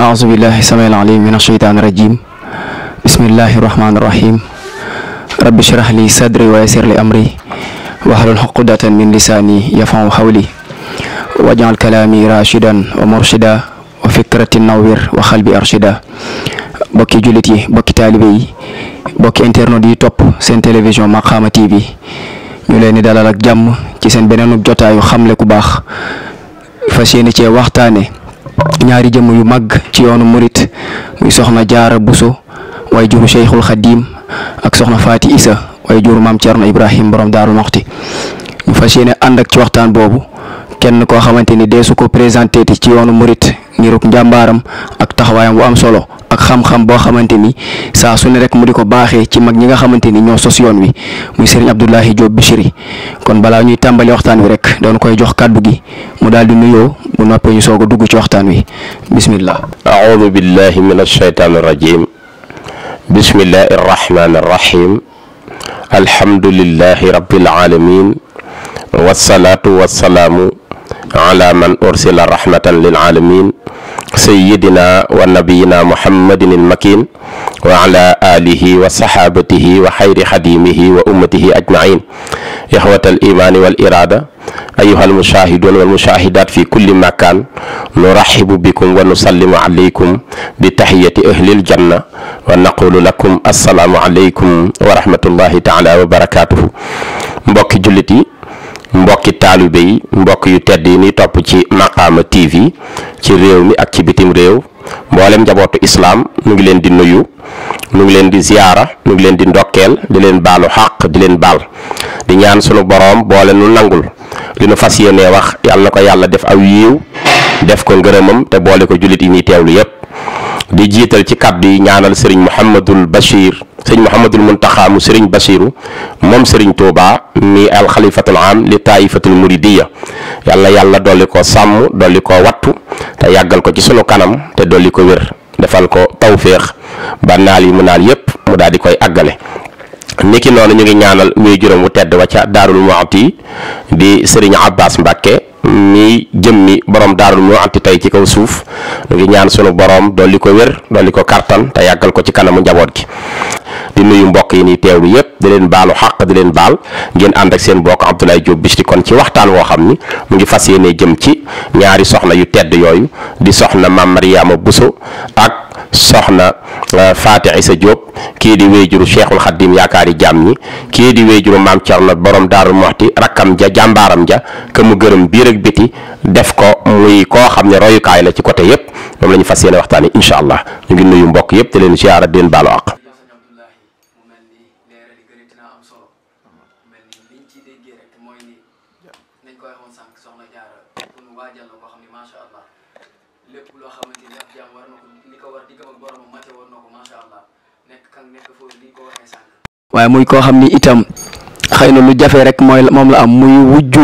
أعوذ بالله السميع العليم من الشيطان الرجيم بسم الله الرحمن الرحيم رب اشرح لي صدري ويسر لي أمري واحلل عقدة من لساني يفهم قولي واجعل كلامي راشدا ومرشدا وفكرة نوير وقلبي أرشدا bokki jullit yi bokki taalibe yi bokki internet yi topp seen télévision Makhama TV ñu leen di dalal ak jàmm ci seen beneenub jotaayu xamle ku baax fas yéene cee waxtaane ñaari jëmm yu mag ci yoonu murit muy soxna jaara buso way juru cheikhul xadim ak soxna faati isa waaye juru maam cerno ibrahim borom daaru moxti mu fas yéene ànd ak ci waxtaan boobu kenn koo xamante ni deesu ko présenté ci yoonu murit ngiruk njàmbaaram ak taxawaayam bu am solo ak xam-xam boo xamante ni saa su ne rek mu di ko baaxee ci mag ñi nga xamante ni ñoo sos yoon wi muy Serigne Abdoulahi Diop Bichri kon balaa ñuy tàmbali waxtaan wi rek doon koy jox kàddu gi mu daal di nuyoo bu noppee ñu soog a dugg ci waxtaan wi bismillah aoudu billahi min alshaytaan arrajim bismillahi arrahmani arrahim alhamdulillahi rabbil alamin wasalaatu wasalaamu على من أرسل رحمة للعالمين سيدنا ونبينا محمد المكين وعلى آله وصحابته وخير خديمه وأمته أجمعين إخوة الإيمان والإرادة أيها المشاهدون والمشاهدات في كل مكان نرحب بكم ونسلم عليكم بتحية أهل الجنة ونقول لكم السلام عليكم ورحمة الله تعالى وبركاته مبكي جلتي mbokki taalibe yi mbokk yu tedd yi ni topp ci Makhama TV ci réew mi ak ci bitim réew mboolem njabootu islaam nu ngi leen di nuyu nu ngi leen di ziyaara mu ngi leen di ndokkeel di leen baalu xàq di leen baal di ñaan sunu boroom boole nu nangul li nu fas yéenee wax yàlla na ko yàlla def aw yiiw def ko ngërëmam te boole ko jullit yi ñuy teewlu yépp di jital ci kàddu yi ñaanal serigne mohammedul bashir serigne mohammedul muntaha mu serigne Bachiru mom serigne toba mi khalifatul am li taifatul muridiyya Yalla Yalla doli ko sam doli ko wattu ta yagal ko ci sunu kanam te doli ko wer defal ko tawfiq banali mu nal yep mu dal di koy agale niki nonu ñu ngi ñaanal muy juróom wu tedd wa ca darul muati di serigne Abbas Mbake. mi jëmmi borom daarul moo anti tey ci kaw suuf ñu ngi ñaan sunu borom dolli ko wér dolli ko kartan te yàggal ko ci kanamu njaboot gi di nuyu mbokk yi nii teewlu yëpp di leen baalu xàq di leen baal ngeen ànd ak seen mbokk Abdoulaye Diop Bichri kon ci waxtaan woo xam ni mu ngi fas yéenee jëm ci ñaari soxna yu tedd yooyu di soxna Mame Mariama Bousso ak soxna euh, Faati sa Diop kii di wéyjuru Cheikhul Xaddim yaakaari jaam ñi kii di wéyjuru maam Cerno borom Daaru Moxti rakkam ja jàmbaaram ja ke mu gërëm biir ak biti def ko muy koo xam ne royukaay la ci côté yépp moom la ñu fas yéene waxtaane incha allah ñu ngi nuyu mbokk yépp te leen ziyaara deen baalu àq waaye mu koo xam ni itam xëy na lu jafe rek mooy moom la am muy wujju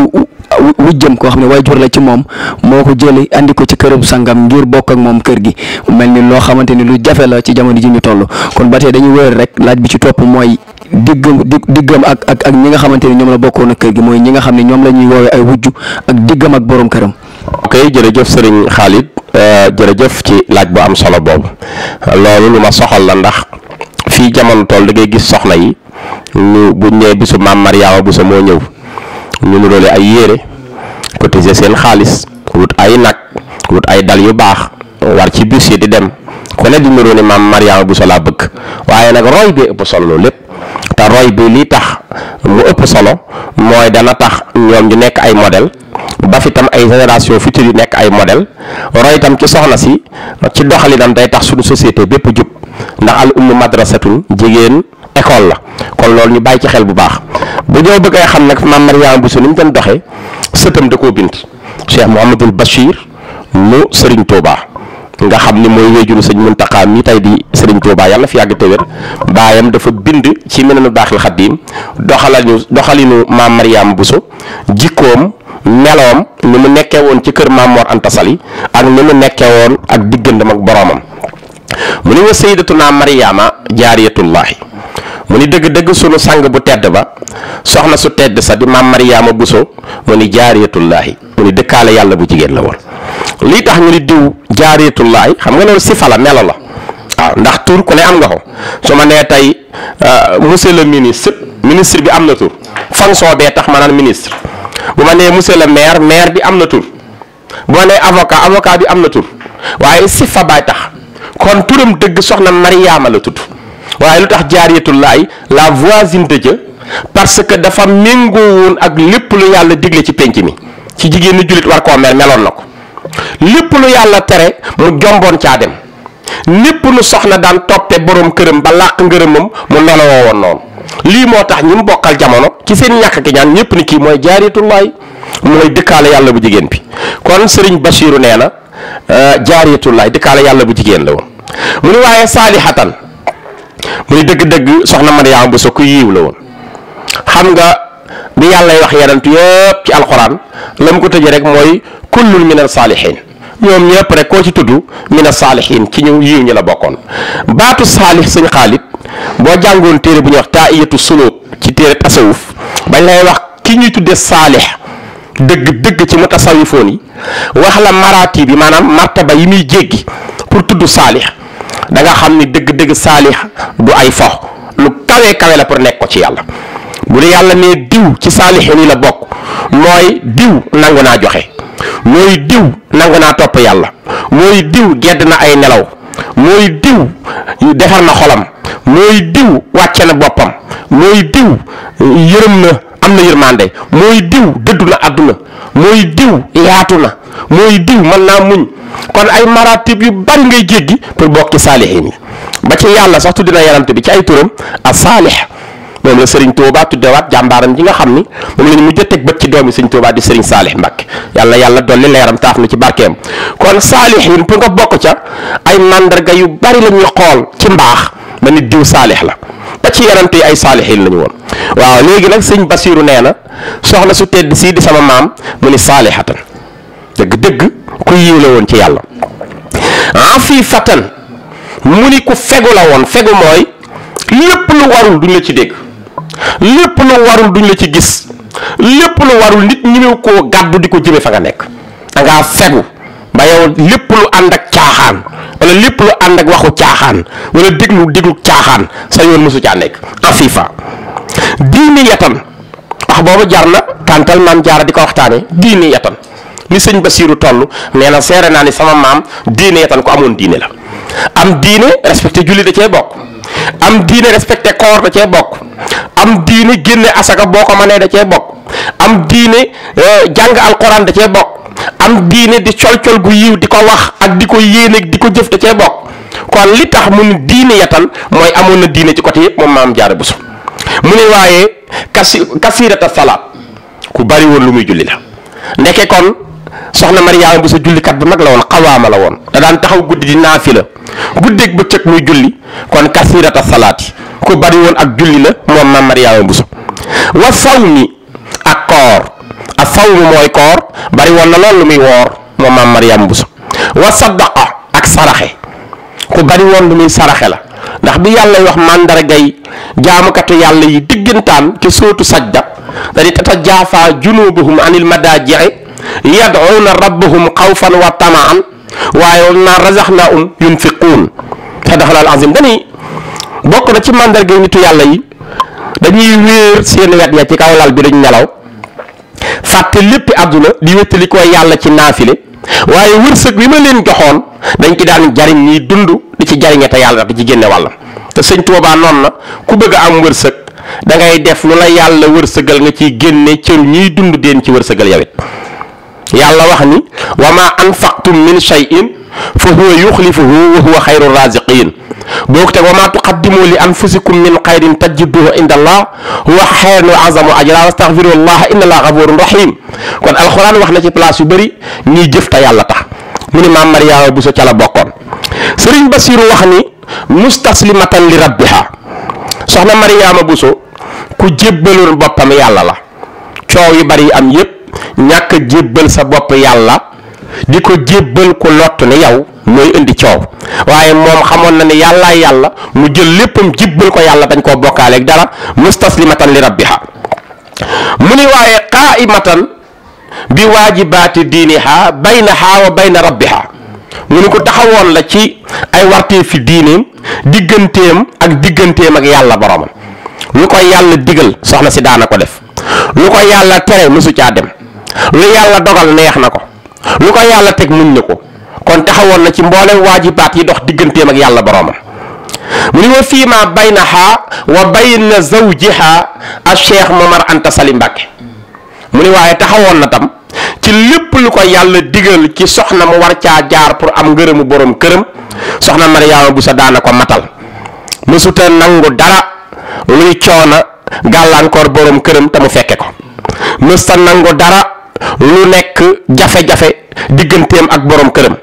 wujjëm koo xam ne waajur la ci moom moo ko jëli indi ko ci këram sangam ngir bokk ak moom kër gi mel ni loo xamante ni lu jafe la ci jamono ji ñu toll kon ba tey dañuy wër rek laaj bi ci topp mooy diggam diggam ak ak ak ñi nga xamante ni ñoom la bokkoon ak kër gi mooy ñi nga xam ne ñoom lañuy ñuy woowee ay wujju ak diggam ak boroom këram. ok sëriñ Serigne Khalid euh, jërëjëf ci laaj bu am solo boobu loolu lu ma soxal la ndax. fi jamono tol da ngay gis soxna yi ñu buñ bi bisu mam Mariama bu sa mo ñew ñu nu dole ay yére cotiser sen xaliss wut ay nak wut ay dal yu bax war ci bus di dem ku ne di nuroo ni mam Mariama bu sa la bëgg waye nak roy bi ëpp solo lepp ta roy bi li tax mu ëpp solo mooy dana tax ñom ñu nekk ay model, ba fi tam ay génération future yi nekk ay model, roy tam ci soxna si ci tam day tax suñu société bépp jup ndax al ummu madrasatun jigéen école la kon loolu ñu bàyyi ci xel bu baax bu ñëw bëggee xam nag maam Mariama Bousso ni mu doon doxee sëtam da koo bind Cheikh Mouhamadul Bachir mu Serigne Touba nga xam ni mooy wéjuru sëñ Muntaqa mi tey di Serigne Touba yàlla fi yàgg te baayam dafa bind ci menenu daaxil xaddiim doxalinu doxalinu maam Mariama Bousso jikkoom meloom ni mu nekkee woon ci kër maam Mor Anta Sali ak ni mu nekkee woon ak diggantam ak boroomam. mu ni wa sayyidatuna Maryaama jaariyatullaahi mu ni dëgg-dëgg sunu sang bu tedd ba soxna su tedd sa di maam Maryaama Buso mu ni jaariyatullaahi mu ni dëkkaale yàlla bu jigéen la woon lii tax ñu ni diw jaariyatullaahi xam nga loolu sifa la melo la waaw ah, ndax tur ku ne am nga ko su ma nee tey euh, monsieur le ministre ministre bi am na tur fonction bee tax ma naan ministre bu ma nee monsieur le maire maire bi am na tur bu ma nee avocat avocat bi am na tur waaye kon turam dëgg soxna Mariyaama la tudd waaye lu tax jaariyatullaay la voisine de Dieu parce que dafa méngoo ak lépp lu yàlla digle ci penc mi ci jigéen ñi jullit war koo meloon na ko lépp lu yàlla tere mu jomboon caa dem lépp lu soxna daan toppe borom këram ba làq ngërëmam mu meloo woon noonu lii moo tax ñi mu bokkal jamono ci seen ñàkk gi ñaan ñëpp ni kii mooy jaariyatullaay mooy dëkkaale yàlla bu jigéen bi kon Serigne Bachirou nee na. Euh, jaariyatullahi dëkkaale yàlla bu jigéen la woon mu ni waaye saalihatan muy dëgg-dëgg soxna Mariyaama bu sa ku yiw la woon xam nga bi yàllay wax yenantu yëpp ci alxuraan la mu ko tëjee rek mooy kullun min al saalihin ñoom ñëpp rek koo ci tudd min al ci ñu yiw ñi la bokkoon baatu saalih sëñ xaalit boo jàngoon téere bu ñuy wax taa iyatu suluk ci téere tasawuf bañ lay wax ki ñuy tuddee saalih dëgg dëgg ci mutasawifoon yi wax la maraati bi maanaam martaba yi muy jéggi pour tudd saalix da nga xam ni dëgg dëgg saalix du ay fo lu kawee kawe la pour nekk ko ci yàlla bu dee yàlla ne diw ci saalixiin yi la bokk mooy diw nangu naa joxe mooy diw nangu naa topp yàlla mooy diw gedd na ay nelaw mooy diw defar na xolam mooy diw wàcce na boppam mooy diw yërëm na am na yërmande mooy diw dëddu na àdduna mooy diw yaatu na mooy diw man naa muñ kon ay maratib yu bari ngay jéggi pour bokk ci saalihiin yi ba ci yàlla sax tudd na yarante bi ci ay turam a saalih mom la serigne Touba tuddewaat jambaram gi nga xamni mom lañu mujjé tek bëc ci doomi serigne Touba di serigne salih Mbàkke yalla yalla doli leeram taaf na ci barkeem kon salihin pour nga bokk ca ay màndarga yu bari lañu xol ci mbax ba nit diw salih la ba ci yarante ay salihin lañu won waaw léegi nak serigne basirou nee na soxna su tedd si di sama mam. muni salihatan deug deug ku yiw won ci yalla afifatan mu ku fegu la won fegu moy lepp lu warul duñ la ci deg lépp lu warul duñ la ci gis lépp lu warul nit ñi koo gàddu di ko jëme fa nga nekk da ngaa fegu ba lépp lu ànd ak caaxaan wala lépp lu ànd ak waxu caaxaan wala déglu déglu caaxaan sa yoon mosu caa nekk fii afifa diini yatan wax boobu jar na tàntal maam jaara di ko waxtaane diini yatan ni sëñ Basiiru toll nee na seere naa ni sama maam diine yatan ko amoon diine la am diine respecté julli da cee bokk am diine respecté koor da cee bokk am diine génne asaka boo ko manee da cee bokk am diine euh, jàng alquran da cee bokk am diine di col-col gu yiw di ko wax ak di ko yéene di ko jëf da cee bokk kon li tax mu ne diine yatal mooy amoon na diine ci côté yëpp moom maam jaara busu mu ne waaye kasi kasirata salaat ku bari woon lu muy julli la ndeke kon soxna Mariyaama bu sa jullikat bu mag la woon xawaama la woon da daan taxaw guddi di naafila guddeeg bëccëg muy julli kon kasirata salaati ku bari woon ak julli la moom maam Mariyaama bu sa wa a sawmi mooy koor bari woon lu muy woor moom maam wa saddaqa ak saraxe ku bari woon lu muy saraxe la ndax bi yàlla wax màndargay jaamukatu yàlla yi diggantaan ci sootu sajda da di tata jaafaa junubuhum anil madaaji'i yad'uuna rabbahum xawfan wa tamaan waaye wa mimmaa razaqnaahum yunfiquun sadaqa al azim dañuy bokk na ci màndarga nitu yàlla yi dañuy wéer seen wet ya ci kaw lal bi duñ nelaw fàtte léppi àdduna di wéttali ko yàlla ci naafile waaye wërsëg wi ma leen joxoon dañ ci daan jariñ ñiy dund di ci jariñe te yàlla di ci génne wàlla te sëñ Tuubaa noonu na ku bëgg am wërsëg da ngay def lu la yàlla wërsëgal nga ciy génne cër ñuy dund deen ci wërsëgal yawit yàlla wax ni wa ma anfaqtum min shay'in fa huwa yuxlifuhu wa huwa xayru raziqin boo ko teg wa ma tuqaddimu li anfusikum min xayrin tajiduhu inda allah huwa xayrun wa azamu ajra wastaxfiru allah inna allah gafurun rahim kon alxuraan wax na ci place yu bëri ñiy jëf te yàlla tax mu ni maam Mariyaama bu sa ca la bokkoon Sëriñ Basiiru wax ni mustaslimatan li rabbiha soxna Mariyaama Buso ku jébbaloon boppam yàlla la coow yu bari am yépp ñàkk a jébbal sa bopp yàlla di ko jébbal ko lott ne yow mooy indi coow waaye moom xamoon na ne yàllaay yàlla mu jël léppam jibbal ko yàlla dañ ko bokkaaleeg dara mustaslimatan li rabbiha mu ni waaye qaimatan bi waajibaati diiniha baynaha wa bayna rabbiha mu ni ko taxawoon la ci ay wartee fi diineem digganteem ak digganteem ak yàlla boromam ñu ko yàlla digal soxna si daana ko def lu ko yàlla tere mësu caa dem lu yàlla dogal neex na ko lu ko yàlla teg muñ na ko kon taxawoon na ci mboolem waajibaat yi dox digganteem ak yàlla boroomam mu ni wa fii ma baynaha wa bayna zawjiha ak Cheikh Momar Anta Sali Mbàkke mu ni waaye taxawoon na tam ci lépp lu ko yàlla digal ci soxna mu war caa jaar pour am ngërëmu borom këram soxna Mariyaama bu sa daana ko matal mësuta nangu dara luy coona gàllankoor borom këram te mu fekke ko mësta nangu dara lu nekk jafe-jafe digganteem ak borom këram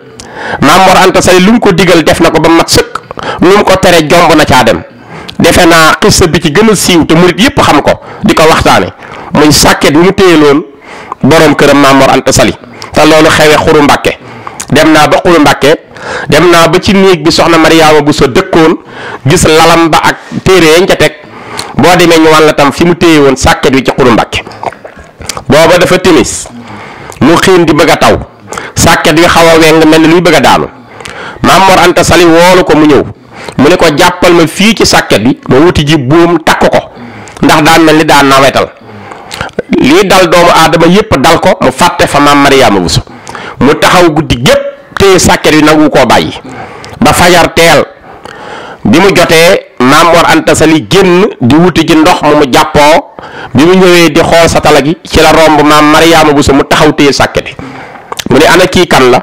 maam Mor Anta lu mu ko digal def na ko ba mat sëkk lu mu ko tere jomb na caa dem defe naa xissa bi ci gën a siiw te murit yépp xam ko di ko waxtaane muy sàkket bi mu téyeloon borom këram maam Mor Sali te loolu xewe xuru mbàkke dem naa ba xuru mbàkke dem naa ba ci néeg bi soxna Mariyaama bu sa dëkkoon gis lalam ba ak téere yañ ca teg boo demee ñu wàll tam fi mu téye woon sàkket wi ci xuru mbàkke booba dafa timis mu xiin di bëgg a taw sàkket yi xaw a weng mel ni luy bëgg a daanu maam Mor Anta Sali woolu ko mu ñëw mu ne ko jàppal ma fii ci sàkket bi ma wuti ji buum takk ko ndax daan mel ni daan nawetal lii dal doomu aadama yépp dal ko mu fàtte fa maam bu Bousso mu taxaw guddi gépp téye sàkket yi nangu koo bàyyi ba fajar teel bi mu jotee maam Mor Sali génn di wuti ci ndox mu mu jàppoo bi mu ñëwee di xool satala gi ci la romb maam Mariyaama bu sa mu taxaw téye sàkkete mu ne ana kii kan la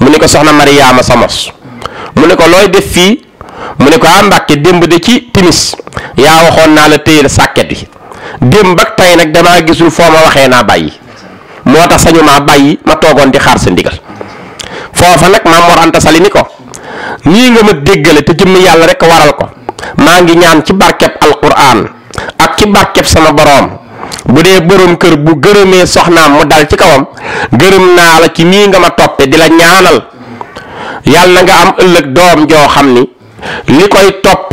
mu ne ko soxna Mariyaama Samos mu ne ko looy def fii mu ne ko ah Mbàkke démb de ci timis yaa waxoon naa la téyel sàkket yi démb ak tey nag damaa gisul foo ma waxee naa bàyyi moo tax sañu maa bàyyi ma toogoon di xaar sa ndigal foofa nag maam Mor ni ko nii nga ma déggale te jëmm yàlla rek waral ko maa ngi ñaan ci barkeb alquran ak ci barkeb sama boroom bu dee borom kër bu gërëmee soxnaam mu dal ci kawam gërëm naa la ci nii nga ma toppe di la ñaanal yàlla na nga am ëllëg doom joo xam ni li koy topp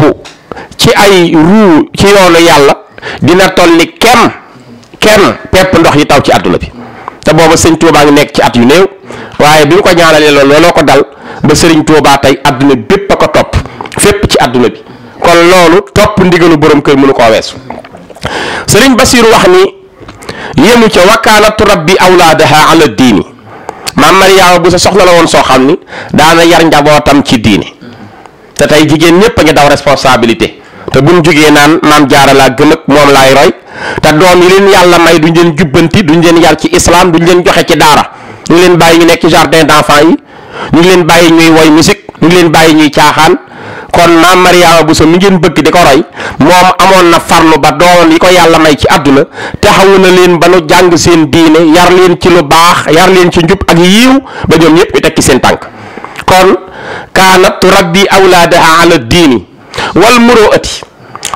ci ay ruu ci yoonu yàlla dina toll ni kenn kenn pepp ndox yi taw ci àdduna bi te booba sëñ Touba ngi nekk ci at yu néew waaye bi mu ko ñaanalee loolu looloo ko dal ba sëriñ Touba tey àdduna bépp a ko topp fépp ci àdduna bi kon loolu topp ndigalu borom kër mënu koo weesu sëriñ Basiiru wax ni yému ca wakkaanatu rabbi awlaadaha ala diini maam Mariyaama bu sa soxla la woon soo xam ni daana yar njabootam ci diini te tey jigéen ñépp a ngi daw responsabilité te buñ jugee naan maam jaara laa gëm moom laay roy te doom yi leen yàlla may duñ leen jubbanti duñ leen yar ci islam duñ leen joxe ci daara ñu leen bàyyi ñu nekk ci jardin d'enfants ñu ngi leen bàyyi ñuy woy musique ñu ngi leen bàyyi ñuy caaxaan kon maam Mariama Bousso mi ngeen bëgg di ko roy moom amoon na farlu ba doon yi ko yàlla may ci àdduna taxawu na leen ba nu jàng seen diine yar leen ci lu baax yar leen ci njub ak yiiw ba ñoom ñëpp ñu tekki seen tànk kon kaana kaanat turabbi awlaadaha ala diini wal muroo ati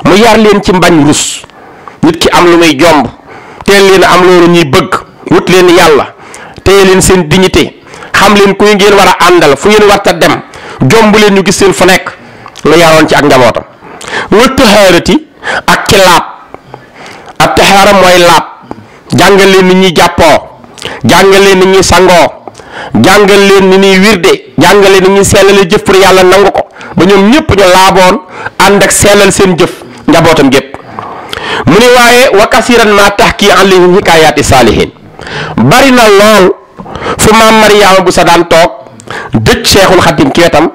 mu yar leen ci mbañ rus nit ki am lu muy jomb teel leen am loolu ñuy bëgg wut leen yàlla téye leen seen dignité xam leen kuy ngeen war a àndal fu ngeen war ta dem jomb leen ñu gis seen fu nekk lu yaroon ci ak njabootam wa tahaarati ak ci laab ak tahaara mooy laab jàng leen ni ñuy jàppoo jàngal leen ni ñuy sangoo jàngal leen ni ñuy wirde jàngal leen ni ñuy sellale jëf pour yàlla nangu ko ba ñoom ñëpp ñu laaboon ànd ak sellal seen jëf njabootam gépp mu ne waaye wa kasiran ma tahki alayhim hikayaati saalihin bari na lool fu maam Mariyaama bu sa daan toog dëj Seexul Xadim ci wetam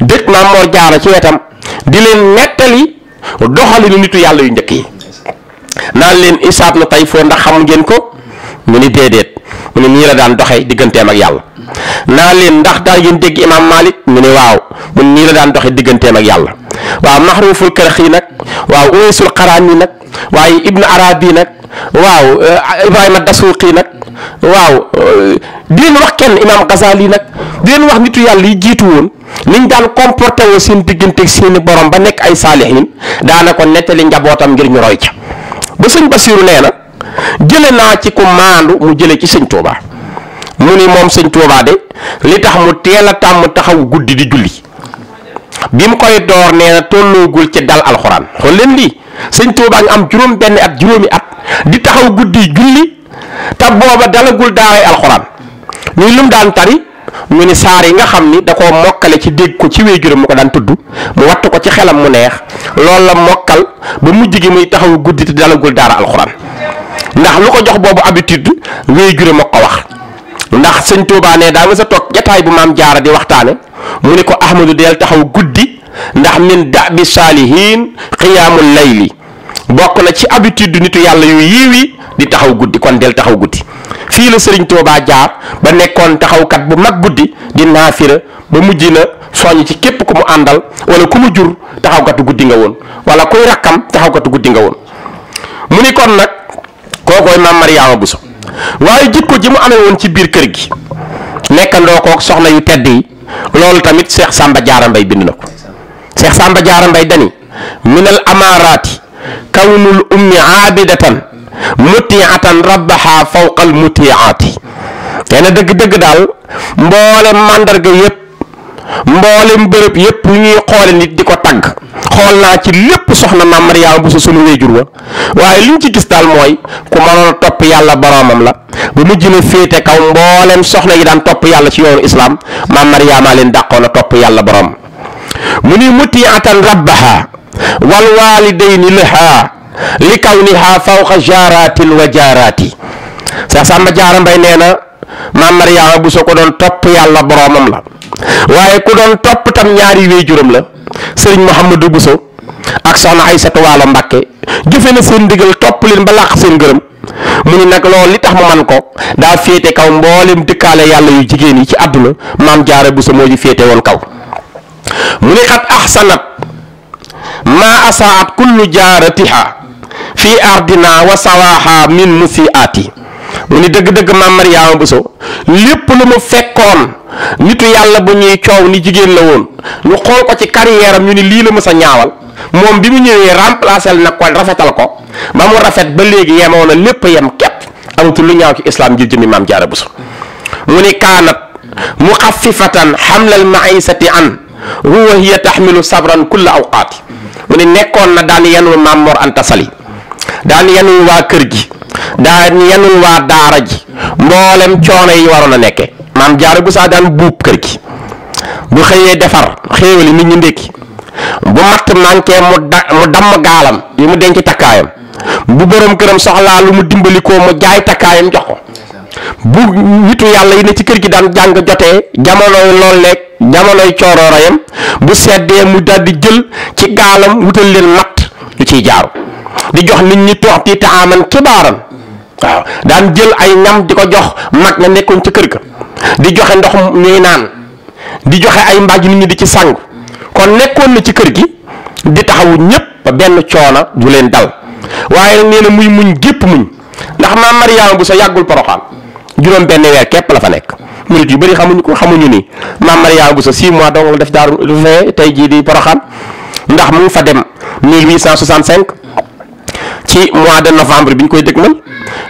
dëj maam Moor ci wetam di leen nettali doxalinu nitu yàlla yu njëkk yi naan leen isaab na tey ndax xam ngeen ko mu ni déedéet mu ne nii la daan doxee diggantee ak yàlla naa leen ndax daal yéen dégg imaam Malik mu ne waaw mu ne nii la daan doxee diggantee ak yàlla waaw maxruuful kërëx yi nag waaw uwaysul xaraan yi nag waaye ibnu arabi nag waaw eh, ibrahima dasuuqi yi nag waaw eh, di leen wax kenn imaam Ghazali yi nag di leen wax nitu yàlla yi jiitu woon niñ daan comporté woo seen digganteeg seeni borom ba nekk ay saalihiin daana ko nettali njabootam ngir ñu roy ca ba sëñ Basiiru jële naa ci ku maandu mu jële ci sëñ Touba mu ni moom sëñ Touba de li tax mu teel a tàmm taxaw guddi di julli bi mu koy door nee na tolloogul ci dal alxuraan xool leen lii sëñ Touba nga am juróom benn at juróomi at di taxaw guddi julli te booba dalagul daaray alxuraan muy lum daan tari ñu ni saar yi nga xam ni da ko mokkale ci dégg ko ci wéejuram mu ko daan tudd mu wattu ko ci xelam mu neex loolu la mokkal ba mujj gi muy taxaw guddi te dalagul daara ndax lu ko jox boobu habitude wéy jure ma ko wax ndax sëñ Tuubaa ne daa nga sa toog jataay bu maam jaara di waxtaane mu ne ko ahmadu del taxaw guddi ndax min daabi saalihiin xiyaamul layli bokk na ci habitude nitu yàlla yu yiiw yi di taxaw guddi kon del taxaw guddi fii la sëriñ Tuubaa jaar ba nekkoon taxawkat bu mag guddi di naafira ba mujj na soññ ci képp ku mu àndal wala ku mu jur taxawkatu guddi nga woon wala kuy rakkam taxawkatu guddi nga woon kookooy maam Mariama Bousso waaye jikko ji mu amee woon ci biir kër gi nekkandoo kook soxna yu tedd yi loolu tamit Cheikh Samba Diarra Mbaye bind na ko Cheikh Samba Diarra Mbaye dani minal amaaraati kawnul ummi aabidatan mutiatan rabbaha fawqal mutiaati nee na dëgg-dëgg daal mboole màndarga yépp mboolem bërëb yépp lu ñuy xoole nit di ko tagg xool naa ci lépp soxna maam Mariyaama bu sa sunu wéjur wa waaye ci gis daal mooy ku mënoon a topp la ba mujj na féete kaw mboolem yi daan topp yàlla ci yoonu islaam maam Mariyaama leen dàqoon topp yàlla boroom mu ni wa jaarati sa sàmba jaara mbay nee na bu sa ko doon topp yàlla boroomam la waaye ku doon topp tam ñaari wéy juróom la sëriñ Mouhamadou Bousso ak soxna Aysatu Waalo Mbàkke jëfe na seen ndigal topp leen ba seen gërëm mu ni nag loolu li tax mu man ko daa féete kaw mboolem dëkkaale yàlla yu jigéen yi ci àdduna maam jaara Bousso moo ji féete woon kaw mu ni xat ahsanat maa asaat kullu jaaratiha fi ardina wa sawaha min musiati mu ni dëgg mariyaama buso lepp lu mu fekkon nitu yalla bu ñuy ciow ni jigéen la woon ñu xol ko ci carrière am ñu ni lii la mësa ñaawal mom bi mu ñëwé remplacer na ko rafetal ko ba mu rafet ba légui lepp yam kep lu ñaaw ci islam gi jëmi mam jaara buso mu ni kaanat muxaffifatan xamlal maisati an huwa hiya tahmilu sabran kulla awqaati mu ni na daan yanu mam mor anta sali daan wa kër gi daa yenul waa daara ji mboolem coono yi waroon a nekke maam jaara bu saa daan buub kër gi bu xëyee defar xéewali nit ñi ndékki bu matt manqué mu damm gaalam yi mu denc takkaayam bu borom këram soxlaa lu mu dimbali ko mu jaay takkaayam jox ko bu nitu yàlla yi ne ci kër gi daan jàng jotee jamonoy lool lekk jamonoy bu seddee mu daldi jël ci gaalam wutal leen matt yu ciy jaaru di jox nit ñi tok ti taaman kibaram waaw daan jël ay ñam diko ko jox mag na nekkoon ci kër ga di joxe ndox ñuy naan di joxe ay mbaaj nit ñi di ci sang kon nekkon na ci kër gi di taxawu ñepp ba benn coona du leen dal waye neena muy muñ gep muñ ndax ma mariama bu sa yagul poroxaan juroom benn weer kep la fa nek murit yu bari xamuñu ko xamuñu ni ma mariama bu sa 6 mois dong la def daaru fee tay ji di poroxaan ndax mu fa dem 1865 ci mois de novembre bi ñu koy dëgmal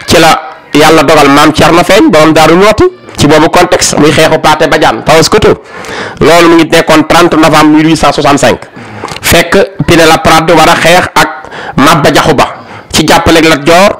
ci la yàlla dogal maam Thierno feeñ borom daaru ñooti ci boobu contexte muy xeexu Paate Badiane Paoskoto loolu mu ngi nekkoon 30 novembre 1865 fekk Pinet la Prade war a xeex ak Maba Jaxu Ba ci jàppaleeg Lat Joor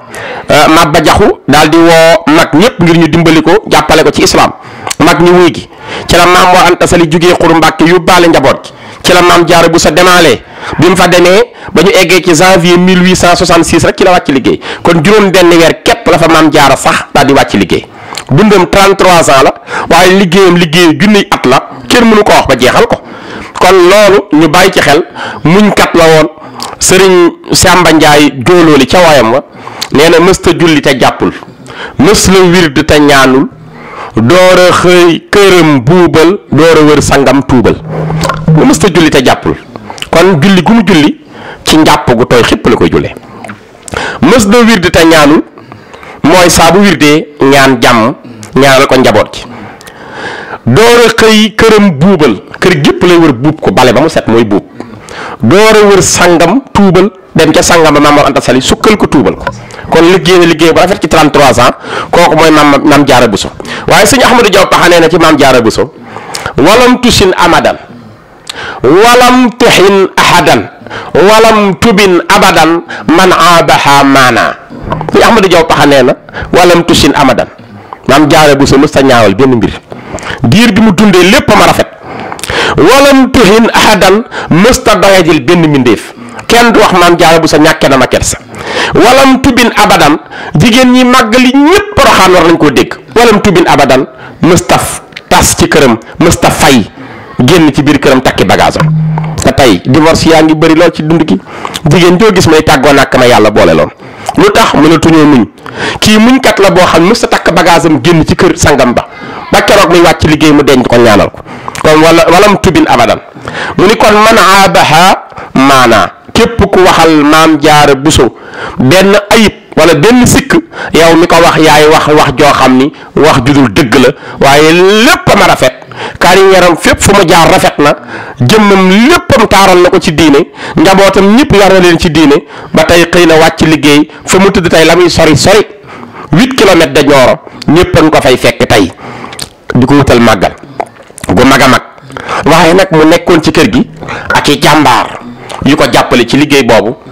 euh, Maba Jaxu daal di woo mag ñëpp ngir ñu dimbali ko jàppale ko ci islam mag ñu wuy gi ci la maam Mor Anta Sali jugee xuru yu yóbbaale njaboot ci la maam Jaara bu sa demaalee bi mu fa demee ba ñu eggee ci janvier 1866 rek ci la wàcc liggéey kon juróom benn weer képp la fa maam jaara sax daal di wàcc liggéey dundam 33 ans la waaye liggéeyam liggéey junniy at la kenn mënu ko wax ba jeexal ko kon loolu ñu bàyyi ci xel muñ kat la woon sëriñ Samba Ndiaye jóolooli ca waayam wa nee na mës ta julli te jàppul mës la wird te ñaanul door a sangam tuubal mës ta julli te jàppul kon julli gu mu julli ci njàpp gu tooy xipp la koy julle mës na wirde te ñaanul mooy saabu bu wirdee ñaan jàmm ñaanal ko njaboot ci door a xëy këram buubal kër gépp lay wër buub ko bale ba mu set mooy buub door a wër sangam tuubal dem ca sangam ba Maam Anta Sali sukkal ko tuubal ko kon liggéey na liggéey ba rafet ci 33 ans kooku mooy maam maam Jaara Buso waaye sëñ Ahmadou Jaw Paxa nee na ci maam Jaara Buso walam tusin amadan walam tuxin ahadan walam tubin abadan man aabaha maana li Ahmadou Diaw Pakha na walam tusin amadan maam jaare bu sa mës sa ñaawal benn mbir diir bi mu dundee lépp ma rafet walam tuxin ahadan mës ta benn mbindéef kenn du wax maam jaare bu sa ñàkkee na ma kersa walam tubin abadan jigéen ñi màggali ñépp poroxaan war nañ koo dégg walam tubin abadan mës tas ci këram mës fay genn ci bir kërëm takki bagage ta tay divorce ya ngi bari lol ci dund gi jigéen do gis may tàggoo nag ma bolé boole lutax mu ne tuñu muñ sanggamba. muñ kat la game xam mës takk bagage am ci kër sangam ba ba muy wacc mu ko ñaanal ko kon wala walam tubin abadan mu ni kon man abaha mana. kep ku waxal mam jaar buso ben ayib wala ben sik yaw mi ko wax yaay wax wax jo xamni wax judul deug la waye lepp ma rafet kaari yaram fépp fu mu jaar rafet na jëmmam léppam taaral na ko ci diine njabootam ñëpp yar na leen ci diine ba tey xëy na wàcc liggéey fa mu tëdd tey la muy sori sori huit kilomètres de Nioro ñëpp a ngi ko fay fekk tey di ko wutal màggal gu mag mag waaye nag mu nekkoon ci kër gi ak i jàmbaar yu ko jàppale ci liggéey boobu